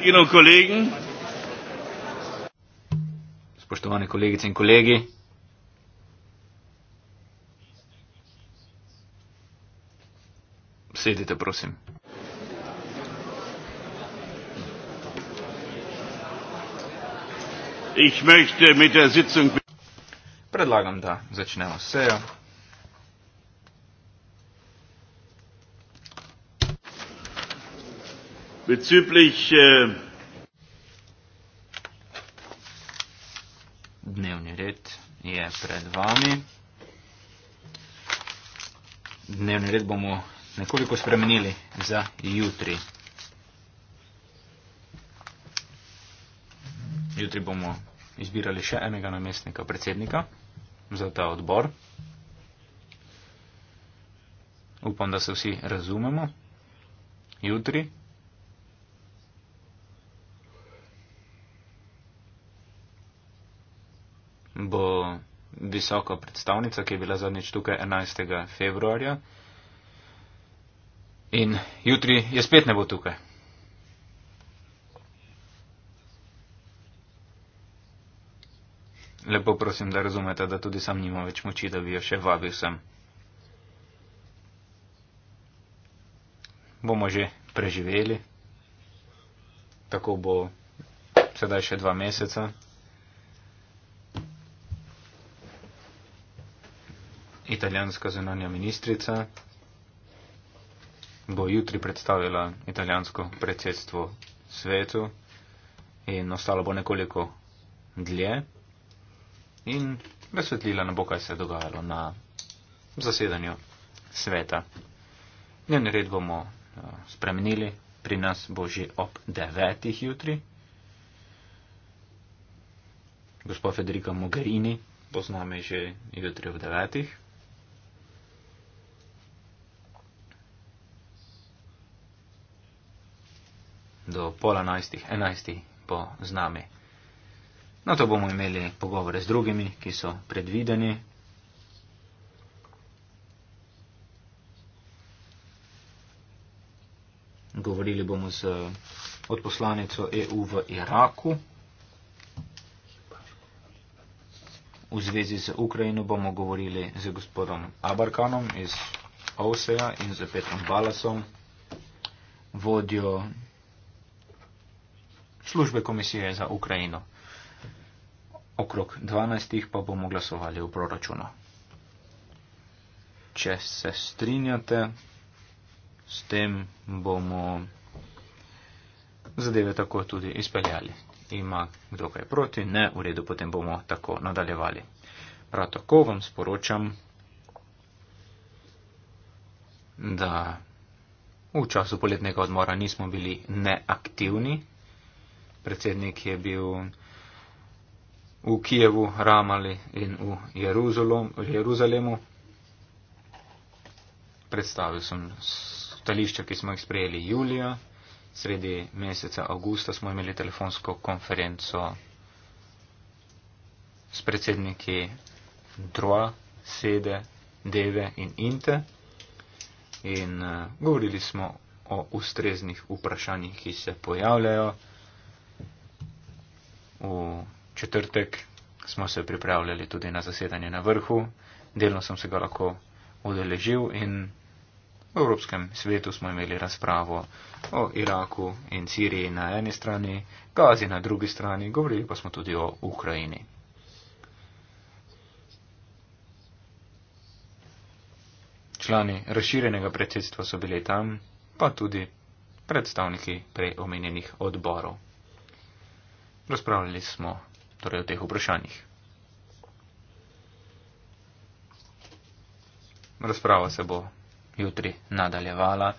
Kolleginnen und Kollegen. Spoštovane kolegice in kolegi. Sedite, prosim. Predlagam, da začnemo sejo. bezüglich äh, dnevni red je pred vami. Dnevni red bomo nekoliko spremenili za jutri. Jutri bomo izbirali še enega namestnika predsednika za ta odbor. Upam, da se vsi razumemo. Jutri bo visoka predstavnica, ki je bila zadnjič tukaj 11. februarja. In jutri je spet ne bo tukaj. Lepo prosim, da razumete, da tudi sam nima več moči, da bi jo še vabil sem. Bomo že preživeli. Tako bo sedaj še dva meseca. italijanska zunanja ministrica bo jutri predstavila italijansko predsedstvo svetu in ostalo bo nekoliko dlje in razsvetlila ne bo, kaj se je dogajalo na zasedanju sveta. Njen red bomo eh, spremenili, pri nas bo že ob devetih jutri. Gospod Federica Mogherini bo z nami že jutri ob devetih. do pol enajstih, enajstih bo z nami. Na no, to bomo imeli pogovore z drugimi, ki so predvideni. Govorili bomo z odposlanico EU v Iraku. V zvezi z Ukrajino bomo govorili z gospodom Abarkanom iz Ovseja in z Petrom Balasom, vodjo službe komisije za Ukrajino. Okrog 12. pa bomo glasovali v proračunu. Če se strinjate, s tem bomo zadeve tako tudi izpeljali. Ima kdo kaj proti, ne, v redu, potem bomo tako nadaljevali. Prav tako vam sporočam, da v času poletnega odmora nismo bili neaktivni predsednik je bil v Kijevu, Ramali in v Jeruzalemu. Predstavil sem stališča, ki smo jih sprejeli julija. Sredi meseca avgusta smo imeli telefonsko konferenco s predsedniki Droa, Sede, Deve in Inte in eh, govorili smo o ustreznih vprašanjih, ki se pojavljajo. V četrtek smo se pripravljali tudi na zasedanje na vrhu, delno sem se ga lahko odeležil in v Evropskem svetu smo imeli razpravo o Iraku in Siriji na eni strani, Gazi na drugi strani, govorili pa smo tudi o Ukrajini. Člani razširjenega predsedstva so bili tam, pa tudi predstavniki prej omenjenih odborov. Razpravljali smo torej o teh vprašanjih. Razprava se bo jutri nadaljevala,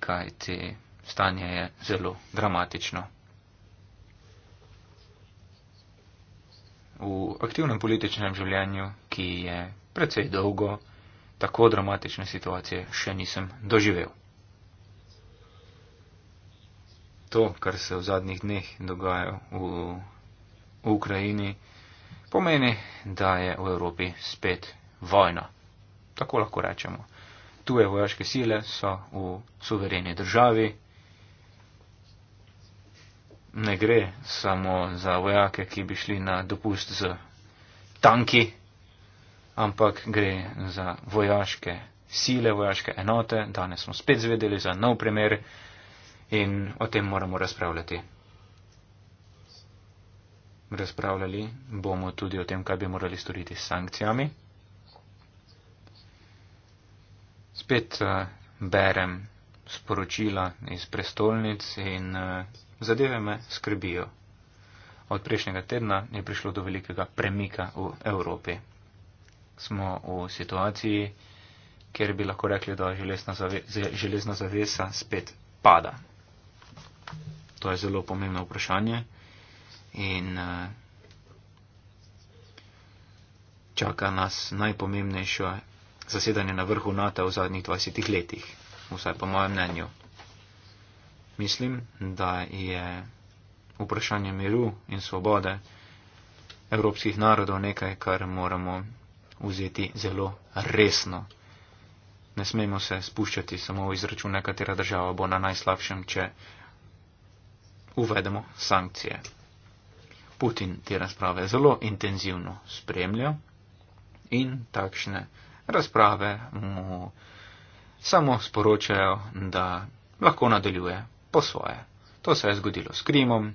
kajti stanje je zelo dramatično. V aktivnem političnem življenju, ki je precej dolgo, tako dramatične situacije še nisem doživel. to, kar se v zadnjih dneh dogaja v, v Ukrajini, pomeni, da je v Evropi spet vojna. Tako lahko rečemo. Tuje vojaške sile so v suvereni državi. Ne gre samo za vojake, ki bi šli na dopust z tanki, ampak gre za vojaške sile, vojaške enote. Danes smo spet zvedeli za nov primer in o tem moramo razpravljati. Razpravljali bomo tudi o tem, kaj bi morali storiti s sankcijami. Spet eh, berem sporočila iz prestolnic in eh, zadeve me skrbijo. Od prejšnjega tedna je prišlo do velikega premika v Evropi. Smo v situaciji, kjer bi lahko rekli, da železna, zave, železna zavesa spet pada. To je zelo pomembno vprašanje in eh, čaka nas najpomembnejše zasedanje na vrhu NATO v zadnjih 20 letih, vsaj po mojem mnenju. Mislim, da je vprašanje miru in svobode evropskih narodov nekaj, kar moramo vzeti zelo resno. Ne smemo se spuščati samo v izračun, katera država bo na najslabšem, če uvedemo sankcije. Putin te razprave zelo intenzivno spremlja in takšne razprave mu samo sporočajo, da lahko nadaljuje po svoje. To se je zgodilo s Krimom,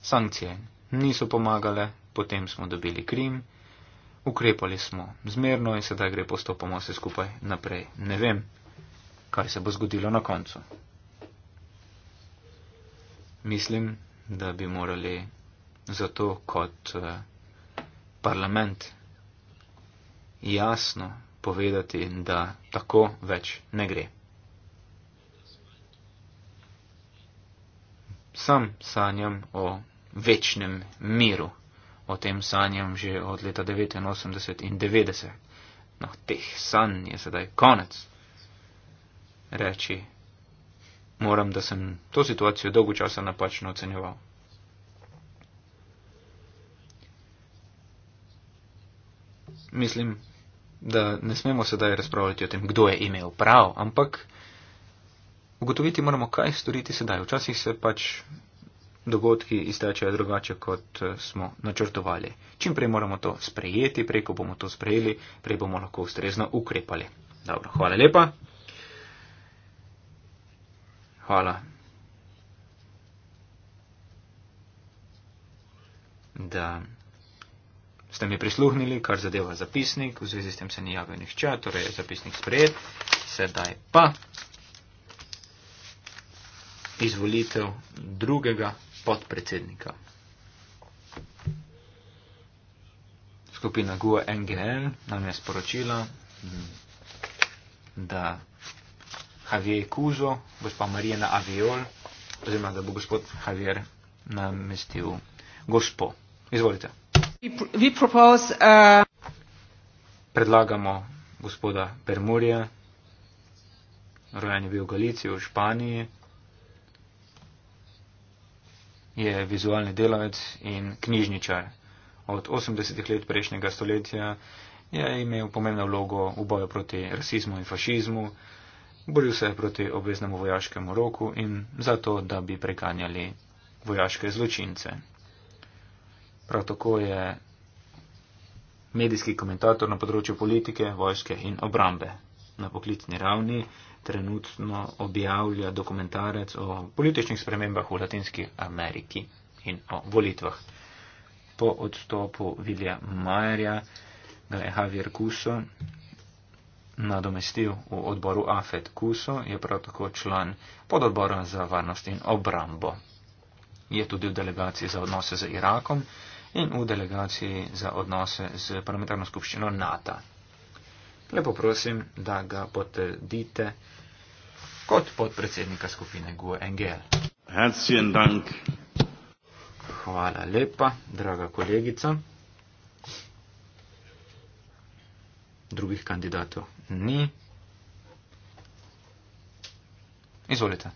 sankcije niso pomagale, potem smo dobili Krim, ukrepali smo zmerno in sedaj gre postopoma vse skupaj naprej. Ne vem, kaj se bo zgodilo na koncu mislim, da bi morali zato kot eh, parlament jasno povedati, da tako več ne gre. Sam sanjam o večnem miru, o tem sanjam že od leta 89 in 90. No, teh sanj je sedaj konec. Reči moram, da sem to situacijo dolgo časa napačno ocenjeval. Mislim, da ne smemo sedaj razpravljati o tem, kdo je imel prav, ampak ugotoviti moramo, kaj storiti sedaj. Včasih se pač dogodki iztečejo drugače, kot eh, smo načrtovali. Čim prej moramo to sprejeti, preko bomo to sprejeli, prej bomo lahko ustrezno ukrepali. Dobro, hvala lepa. Hvala. Da ste mi prisluhnili, kar zadeva zapisnik, v zvezi s tem se ni javil nihče, torej je zapisnik sprejet, sedaj pa izvolitev drugega podpredsednika. Skupina GUA e NGL nam je sporočila, da Javier Kuzo, gospa Marijana Aviol, oziroma da bo gospod Javier namestil gospo. Izvolite. Propose, uh... Predlagamo gospoda Permurja, rojen je bil v Galiciji, v Španiji, je vizualni delavec in knjižničar. Od 80-ih let prejšnjega stoletja je imel pomembno vlogo v boju proti rasizmu in fašizmu boril se je proti obveznemu vojaškemu roku in zato, da bi preganjali vojaške zločince. Prav tako je medijski komentator na področju politike, vojske in obrambe. Na poklicni ravni trenutno objavlja dokumentarec o političnih spremembah v Latinski Ameriki in o volitvah. Po odstopu Vilja Majerja ga je Javier Kuso nadomestil v odboru Afet Kuso, je prav tako član pododbora za varnost in obrambo. Je tudi v delegaciji za odnose z Irakom in v delegaciji za odnose z parlamentarno skupščino NATO. Lepo prosim, da ga potrdite kot podpredsednika skupine GUE-NGL. E Hvala lepa, draga kolegica. Drugih kandidatov ni. Izvolite.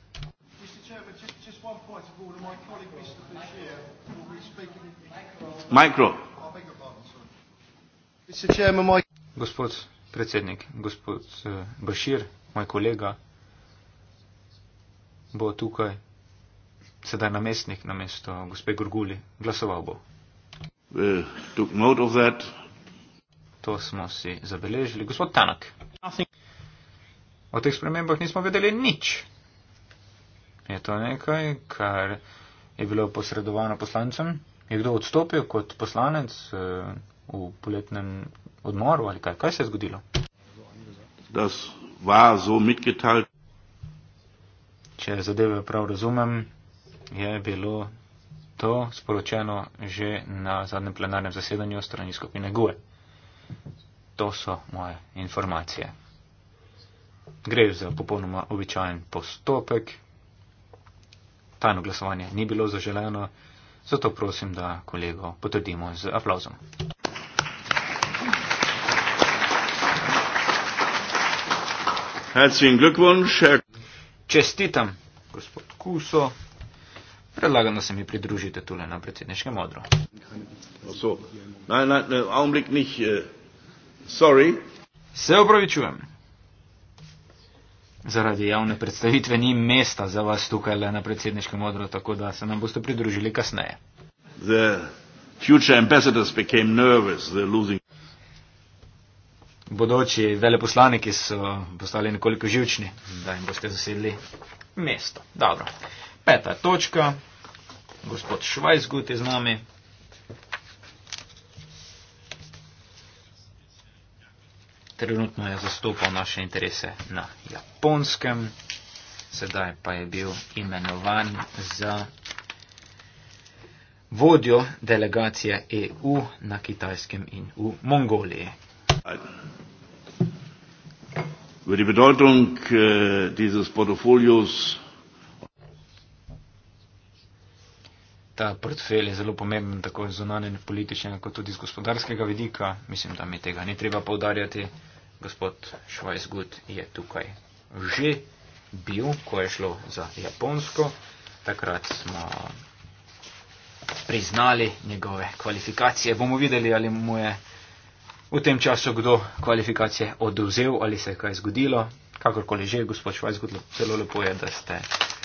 Mikro. Gospod predsednik, gospod eh, Bashir, moj kolega, bo tukaj sedaj namestnik na mesto gospe Gorguli. Glasoval bo. Uh, took note of that to smo si zabeležili. Gospod Tanak, o teh spremembah nismo vedeli nič. Je to nekaj, kar je bilo posredovano poslancem? Je kdo odstopil kot poslanec eh, v poletnem odmoru ali kaj? Kaj se je zgodilo? Če zadeve prav razumem, je bilo to sporočeno že na zadnjem plenarnem zasedanju strani skupine GUE to so moje informacije. Gre za popolnoma običajen postopek. Tajno glasovanje ni bilo zaželeno, zato prosim, da kolego potrdimo z aplauzom. Čestitam, gospod Kuso. Predlagam, da se mi pridružite tule na predsedniškem odru. Na, na, na, Sorry. Se opravičujem. Zaradi javne predstavitve ni mesta za vas tukaj le na predsedniškem odru, tako da se nam boste pridružili kasneje. Losing... Bodoči veleposlaniki so postali nekoliko živčni, da jim boste zasedli mesto. Dobro. Peta točka. Gospod Švajzgut je z nami. trenutno je zastopal naše interese na japonskem, sedaj pa je bil imenovan za vodjo delegacije EU na kitajskem in v Mongoliji. Über die Bedeutung äh, dieses Portfolios ta portfelj je zelo pomemben, tako iz zonane politične, kot tudi iz gospodarskega vidika. Mislim, da mi tega ni treba povdarjati. Gospod Schweizgut je tukaj že bil, ko je šlo za Japonsko. Takrat smo priznali njegove kvalifikacije. Bomo videli, ali mu je v tem času kdo kvalifikacije odvzel ali se je kaj zgodilo. Kakorkoli že, gospod Schweizgut, zelo lepo je, da ste.